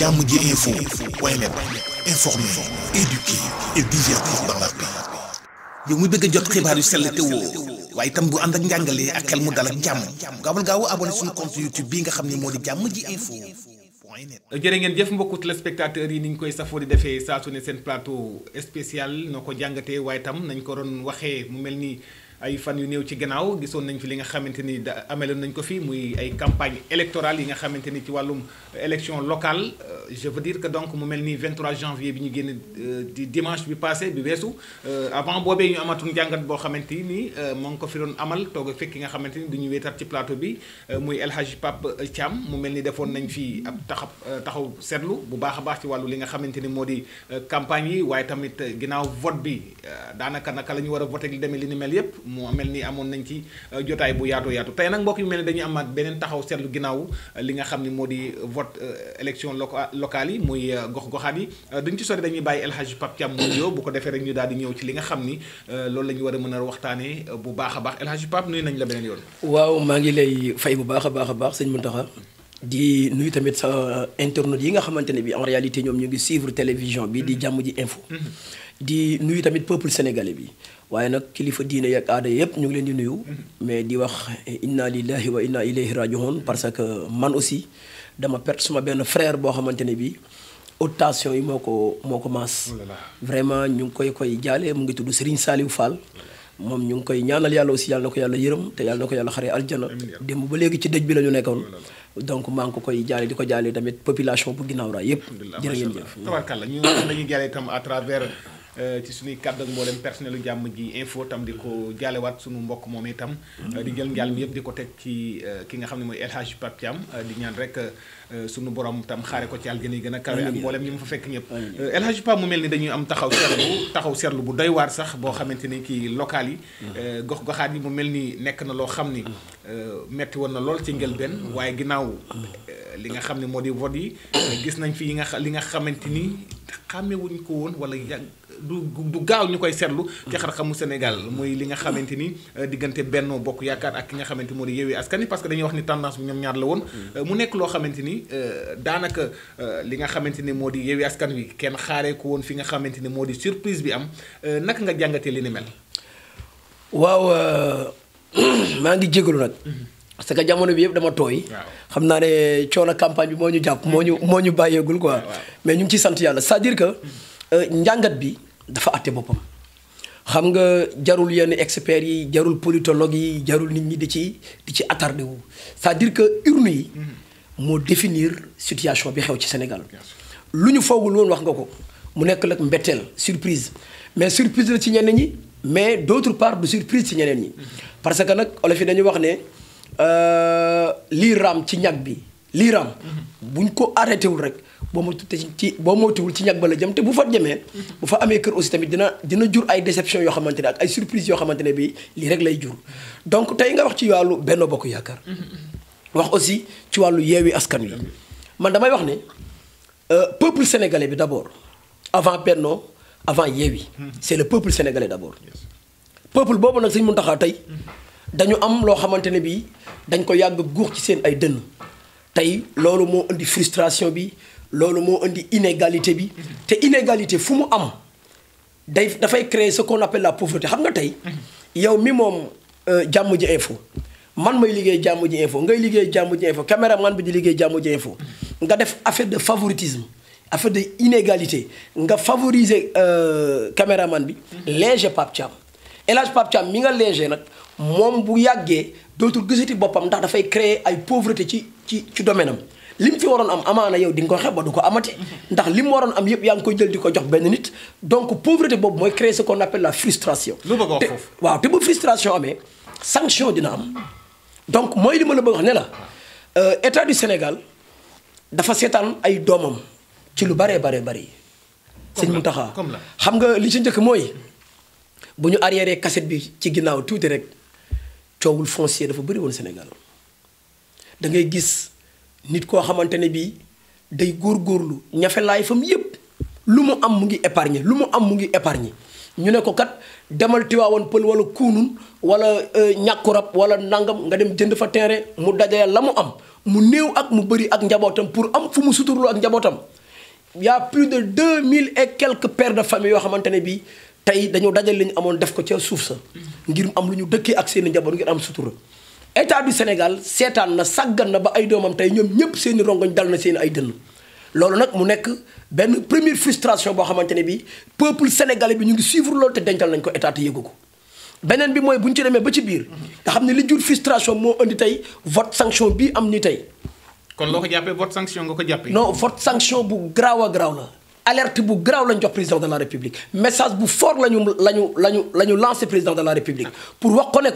jàmm ji info point net informer, éduquer et divertir dans la paix. yow mi bëgg jot xibaar yu sell te woo waaye itam bu ànd ak njàngalee ak xel mu dal ak jàmm gaawal gaaw abonné suñu compte YouTube bi nga xam ne moo di jàmm ji info jërë ngeen jëf mbokku téléspectateurs yi ni ñu koy safoo di defee saa ne seen plateau spécial noo ko jàngatee waaye itam nañ ko doon waxee mu mel nii ay fan yu néew ci gannaaw gisoon nañ fi li nga xamante ni da ameloon nañ ko fi muy ay campagne électorale yi nga xamante ni ci wàllum élection local euh, je veux dire que donc mu mel ni 23 janvier bi ñu génn euh, di dimanche bi passé bi weesu euh, avant boobee ñu amatul jàngat boo xamante ni moo ngi ko fi doon amal toog fekk nga xamante ni du ñu ci plateau bi muy El Hadji Pape mu mel ni defoon nañ fi ab taxab taxaw seetlu bu baax a baax ci wàllu li nga xamante ni moo di campagne waaye tamit ginnaaw vote bi daanaka naka la ñu war a voté li demee li ni mel yépp moo mel ni amoon nañ ci euh, jotaay bu yaatu yaatu tey nag mbokk yu mel ni dañuy amaat beneen taxaw seetlu ginnaaw euh, li nga xam ni moo di vote euh, élection locale yi muy gox-goxaat yi duñ ci sori dañuy bàyyi El Hadj Pape Thiam bu ko defee rek ñu daal di ñëw ci li nga xam ni loolu la ñu war a a waxtaanee bu baax a baax El Hadj Pape nuyu nañ la beneen yoon. waaw maa ngi lay fay bu baax a baax a baax sañ sëñ Mountakha di nuyu tamit sa internet yi nga xamante ne bi en réalité ñoom ñu ngi suivre télévision bi di mm-hmm. jàmm ji info. Mm-hmm. di nuyu tamit peuple sénégalais bi. waaye nag kilifa diine ak aada yëpp ñu ngi leen di nuyu. Mm-hmm. mais di wax inna lillahi wa inna ilayhi rajiun parce que man aussi dama perte suma benn frère boo xamante ne bii otation yi moo ko moo ko maas. Oh vraiment ñu ngi koy koy jaale mu ngi tudd Serigne Saliou Fall. moom ñu ngi koy ñaanal yàlla aussi yàlla na ko yàlla yërëm te yàlla na ko yàlla xaree aljana démb ba léegi ci dëj bi la ñu nekkoon oh donc maa ngi ko koy jaale di ko jaalee tamit population bu ginnaaw raay yëpp jërë ngeen jëf tabarkàlla ñu à travers Euh, ci suñuy kàddu mboolem personnel u jàmm ji info tam di ko jaalewaat suñu mbokk moom itam euh, di jël njaal mi yëpp di ko teg ci euh, ki nga xam ne mooy El Hadj Pape Thiam di ñaan rek suñu borom tam xaare ko ci àlgën yi gën a kawe ak mboolem ñi mu fa fekk ñëpp El Hadj Pape mu mel ni dañuy am taxaw seetlu taxaw seetlu bu doy waar sax boo xamante ni kii local yi gox goxaat yi mu mel ni nekk na loo xam ni metti woon na lool ci njëlbeen waaye ginnaaw li nga xam ne moo di vote yi gis nañ fi yi nga li nga xamante ni xàmmewuñ ko woon wala yàgg du du gaaw ñu koy seetlu ci xar-xamu Sénégal mooy li nga xamante ni euh, diggante Benno Bokk Yaakaar ak ki nga xamante moo di Yewwi Askan Wi ni tendance bi ñoom ñaar mm. euh, mu nekk loo xamante ni euh, daanaka li nga xamante ni moo di Yewwi Askan Wi kenn xaaree ko woon fi nga xamante ni moo di surprise bi am naka nga jàngatee li ni mel waaw maa ngi jégalu nag mm-hmm. parce que jamono bi yëpp dama tooy. xam naa ne coono campagne bi moo ñu jàpp moo ñu moo ñu bàyyeegul quoi. mais ñu ngi ciy sant yàlla c'est-à-dire que njàngat bi. dafa àtte boppam xam nga jarul yenn experts yi jarul politologue yi jarul nit ñi di ci di ci attardé wu cest dire que urne yi moo définir situation bi xew ci Sénégal lu ñu foogul woon wax nga ko mu nekk nag mbetteel surprise mais surprise la ci ñenn ñi mais d'autre part du surprise ci ñeneen ñi parce que nag olof yi dañuy wax ne euh, lii raam ci ñag bi lii raam mhm. buñ ko arrêté wul rek boo te ci boo moytuwul ci ñag ba la jëm te bu fa jëmee bu fa amee kër aussi tamit dina dina jur ay déception yoo xamante ne ak ay surprise yoo xamante ne bi lii rek lay jur donc tey nga wax ci wàllu Benno Bokk Yaakaar wax aussi ci wàllu Yewwi Askan Wi man damay wax ne euh, peuple sénégalais bi d'abord avant Benno avant Yewwi c'est le peuple sénégalais d'abord peuple boobu nag Sëñ Mountakha tey dañu am loo xamante ne bii dañ ko yàgg guux ci seen ay dënn tey loolu moo indi frustration bi loolu moo indi inégalité bi te inégalité fu mu am day dafay créer ce qu'on appelle la pauvreté xam nga tey yow mi moom euh, jàmm ji info man may liggéey jàmm ji info ngay liggéey jàmm ji info bi di liggéey jàmm ji nga def affaire de favoritisme affaire de inégalité nga favoriser euh, caméraman bi léger Pape Thiam El Hadj Pape mi nga léger nag moom bu yàggee dootul gisati boppam ndax dafay créer ay pauvreté ci ci ci domaine am lim fi waroon am amaana yow di nga ko xeeb ba du ko amati ndax li mu waroon am yëpp yaa ngi koy jël di ko jox benn nit donc pauvreté boobu mooy créer ce qu'on appelle la frustration waaw te bu frustration amee sanction dina am donc mooy lima ma la bëgg ne la euh, état du Sénégal dafa seetaan ay doomam ci lu baree baree bari sëñ Mountakha xam nga li ci njëkk mooy bu ñu arriéré cassette bi ci ginnaaw tuuti rek coowul foncier dafa bëri woon Sénégal da gis nit koo xamante ne bii day góorlu ñafe laay fam yépp lu mu am mu ngi épargner lu mu am mu ngi épargner ñu ne ko kat demal Tiwaawan pël wala kuunun wala ñàkkurab euh, wala nangam nga dem jënd fa terrain mu dajale la mu am mu néew ak mu bari ak njabootam pour am fu mu suturlu ak njabootam yaa a plus de deux mille et quelque pères de famille yoo xamante ne bii tey dañoo dajal li amoon def ko ca suuf sa ngir am lu ñu dëkkee ak seen njaboot ngir am sutura état du Sénégal seetaan na sàggan na ba ay doomam tey ñoom ñëpp seeni rongoñ dal na seen ay dënn loolu nag mu nekk benn première frustration boo xamante ne bii peuple sénégalais bi ñu ngi suivre loolu te dencal nañ ko état te yëgu ko beneen bi mooy bu ñu ci demee ba ci biir nga xam ne li jur frustration moo indi tey vote sanction bi am ni tey. kon loo ko jàppee vote sanction nga ko jàppee. non vote sanction bu garaaw a garaaw la. alerte bu garaaw lañ jox président de la république message bu fort lañu lañu lañu lañu lancé président de la république pour wax ko ne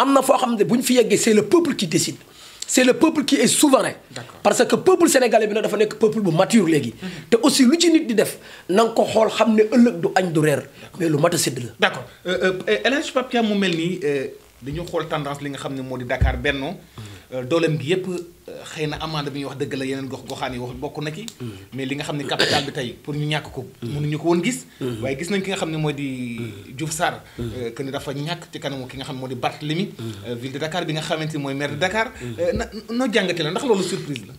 am na foo xam ne bu ñu fi yeggee c'est le peuple qui décide c'est le peuple qui est souverain. parce que peuple sénégalais bi nag dafa nekk peuple bu mature léegi. Mhm. te aussi lu ci nit di def na nga ko xool xam ne ëllëg du añ du reer. mais lu mat sedd sédd la. d'accord euh, euh, El Hadj Pape Thiam mu mel nii euh, dañu xool tendance li nga xam ne moo di Dakar Benno mhm. Euh, dooleem gi yëpp euh, xëy na amande bi ñu wax dëgg la yeneen gox goxaan yi wax bokk na ci. Mm. mais li nga xam ne capital bi tey pour ñu ñàkk ko. Mm. mënuñu ko woon gis. Mm. waaye gis nañ ki nga xam ne moo di Diouf Sarr. Euh, que ni dafa ñàkk ci kanamu ki nga xam ne moo di Barthélemy. ville de Dakar bi nga xamante ni mooy maire de Dakar. na noo jàngate la ndax loolu surprise la.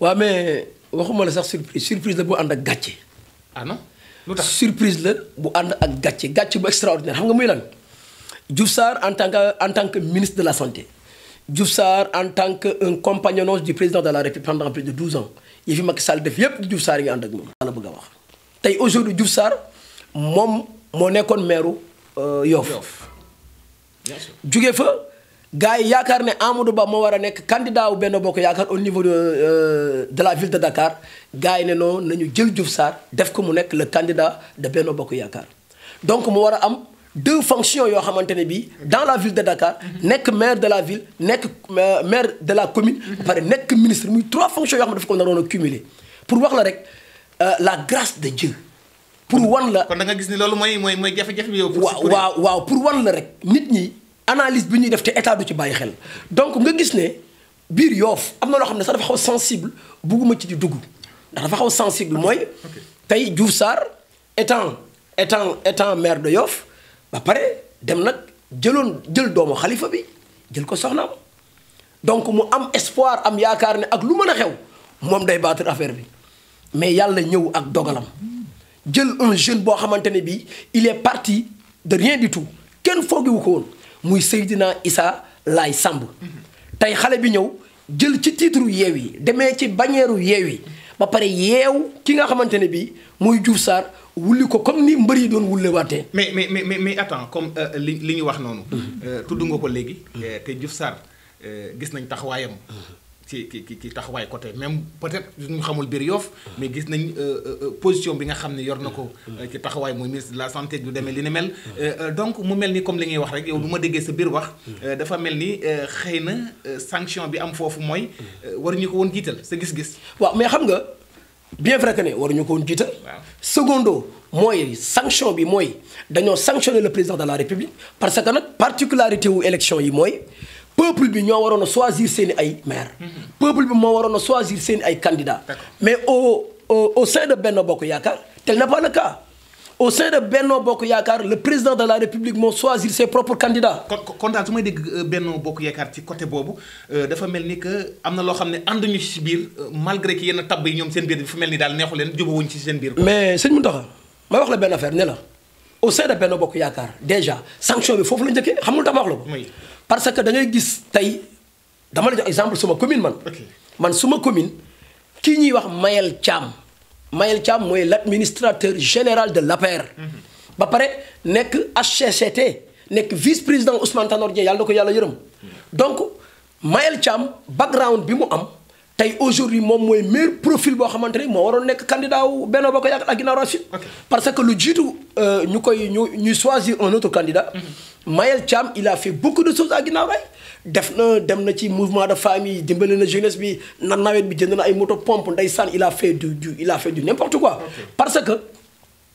waa mais waxuma la sax surprise surprise la bu ànd ak gàcce. ah non lu tax surprise la bu ànd ak gàcce gàcce bu extraordinaire xam nga muy lan Diouf saar en tant que en tant que ministre Diouf Sarr en tant que un compagnonnage du président de la République pendant plus de 12 ans yi fi Macky Sall def yépp Diouf Sarr yi nga ànd ak moom la bëgg a wax tey aujourd'hui Diouf saar moom moo nekkoon maire euh, Yoff jóge fa gars yi yaakaar ne Amadou Ba moo war a nekk candidat wu Benno Bokk au niveau de euh, de la ville de Dakar gars yi ne noonu nañu jël Diouf Sarr def ko mu nekk le candidat de Benno Bokk Yaakaar donc mu war a am deux fonctions yoo xamante ne bii dans la ville de Dakar nekk maire de la ville nekk euh, maire de la commune pare nekk ministre muy trois fonctions yoo xam ne dafa ko naroon a cumuler pour wax la rek euh, la grâce de Dieu pour wan la kon da nga gis ni loolu mooy mooy mooy jafe-jafe bi yow waaw waaw waaw pour wan la rek nit ñi analyse bi ñuy def te état du ci bàyyi xel donc nga gis ne biir yoof am na loo xam ne sax dafa xaw sensible bugguma ci di dugg ndax dafa xaw sensible mooy tey Diouf Sarr étant étant étant maire de Yoff ba dem nag jëloon jël doomu xalifa bi jël ko soxnaam donc mu am espoir am yaakaar ne ak lu mën a xew moom day battre affaire bi mais yàlla ñëw ak dogalam jël un jeune boo xamante ne bii il est parti de rien du tout kenn foogiwu ko woon muy Seydina Issa Laye Samb tey xale bi ñëw jël ci titre yeew yi demee ci bannière yeew yi ba pare yeew ki nga xamante ne bii muy Diouf Sarr wulli ko comme ni mbër yi doon wulle waatee. mais mais mais mais attends comme euh, li li ñu wax noonu. Mhm. Euh, tudd nga ko léegi. Euh, te Diouf Sarr gis nañ taxawaayam. Mhm. ci ci ci taxawaay côté même peut-être ñu xamul biir Yoff mais gis nañ euh, euh, euh, position bi nga xam ne yor na ko mm. ci taxawaay muy ministre de la santé du demee li ni mel mm. donc mu mel ni comme li ngay wax rek yow lu ma déggee sa biir wax mm. dafa mel ni xëy na sanction bi am foofu mooy waruñu ko woon jiital sa gis-gis waaw mais xam nga bien vrai que ne waruñu ko woon jiital secondo mooy sanction bi mooy dañoo sanctionner le président de la république parce que nag particularité wu élection yi mooy peuple bi ñoo waroon a choisir seen ay maire mhm. peuple bi moo waroon a choisir seen ay candidats. mais au au au sein Bokk Yaakaar te n'est pas le cas. au Bokk Yaakaar le président de la République moo choisir ses propres candidats. kon kon daal euh, Bokk Yaakaar ci côté boobu euh, dafa mel ni que am na loo xam ne ñu ci biir euh, malgré que yenn tabb yi ñoom seen biir dafa mel ni daal neexu leen jubawuñ ci seen biir. mais sëñ Mountakha ma wax la benn affaire ne la au sein benn Benno Bokk Yaakaar déjà sanction bi foofu la njëkkee xamul tax ma wax la ko. parce que da ngay gis tey dama la jox exemple suma commune man. man suma commune kii ñuy wax Mayel Thiam Mayel Thiam mooy l' administrateur général de l'APR mm-hmm. ba pare nekk HCCT nekk vice président Ousmane Tanor yàlla ko yàlla yërëm mm-hmm. donc Mayel Thiam background bi mu am. tey aujourd'hui moom mooy meilleur profil boo xamante ni moo waroon nekk candidat wu Benno Bokk Yaakaar ak Ginnaaw Rail Sud parce que lu jiitu euh, ñu koy ñu ñuy choisir un autre candidat mhm. Mayel Thiam il a fait beaucoup de choses à Ginnaaw Rail def na dem na ci mouvement de famille dimbali na jeunesse bi na nawet bi jënd na ay moto pompe ndeysaan il a fait du du il a fait du n'importe quoi parce que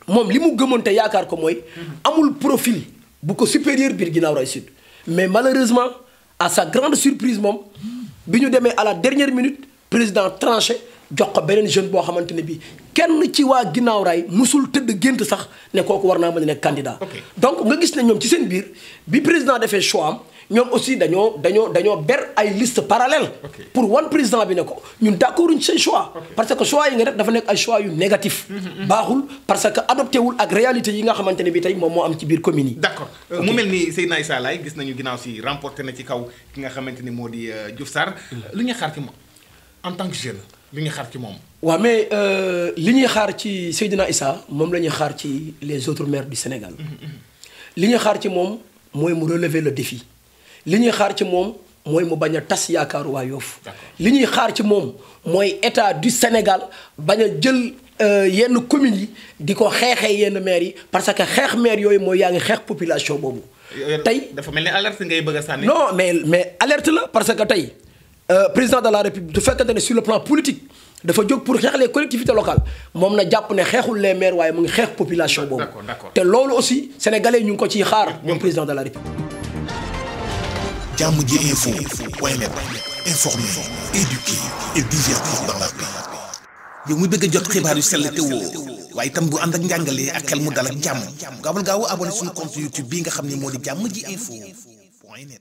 moom li mu gëmoon te yaakaar ko mooy mhm. amul profil bu ko supérieur biir Ginnaaw Rail mais malheureusement à sa grande surprise moom mhm. bi ñu demee à dernière minute président tranché jox ko beneen jeune boo xamante ne bii kenn ci waa ginnaaw raay musul tëdd gént sax ne kooku war naa ma a nekk candidat. donc nga gis ne ñoom ci seen biir bi président defee choix ñoom aussi dañoo dañoo dañoo ber ay list parallèle pour wan président bi ne ko ñun d' accord ci seen choix. parce que choix yi nga def dafa nekk ay choix yu négatif. Mhm, mhm, mhm. baaxul parce que adopté wul ak réalité yi nga xamante ne bi tey moom moo am ci biir commune yi. d' accord euh, mu mel ni Seydina Issa gis nañu ginnaaw si remporté na ci kaw ki nga xamante ni moo di euh, Diouf Sarr. Mm. lu ñu xaar ci en tant que jeune li nga xaar ci moom. waaw mais euh, li ñuy xaar ci Seydina Issa moom la ñuy xaar ci les autres maires du Sénégal. Mm-hmm, mm-hmm. li ñuy xaar ci moom mooy mu relever le défi. li ñuy xaar ci moom mooy mu bañ a tas yaakaaru waa Yoff li ñuy xaar ci moom mooy état du Sénégal bañ a jël euh, yenn communes yi di ko xeexee yenn maires yi parce que xeex maire yooyu mooy yaa ngi xeex population boobu. tey dafa mel ni alerte ngay bëgg a sànni. non mais mais alerte la parce que tey. Euh, président de la république du fekkante ne sur le plan politique dafa jóg pour xeex les collectivités locales moom na jàpp ne xeexul les maires waaye mu ngi xeex population boobu. te loolu aussi sénégalais ñu ngi ko ciy xaar moom président de la république. jàmm ji info point net informer, éduquer et divertir dans la paix. yow mu bëgg a jot xibaar yu sell te woo waaye itam bu ànd ak njàngalee ak xel mu dal ak jàmm gaawal gaaw abonné suñu compte YouTube bii nga xam ne moo di jàmm ji info point net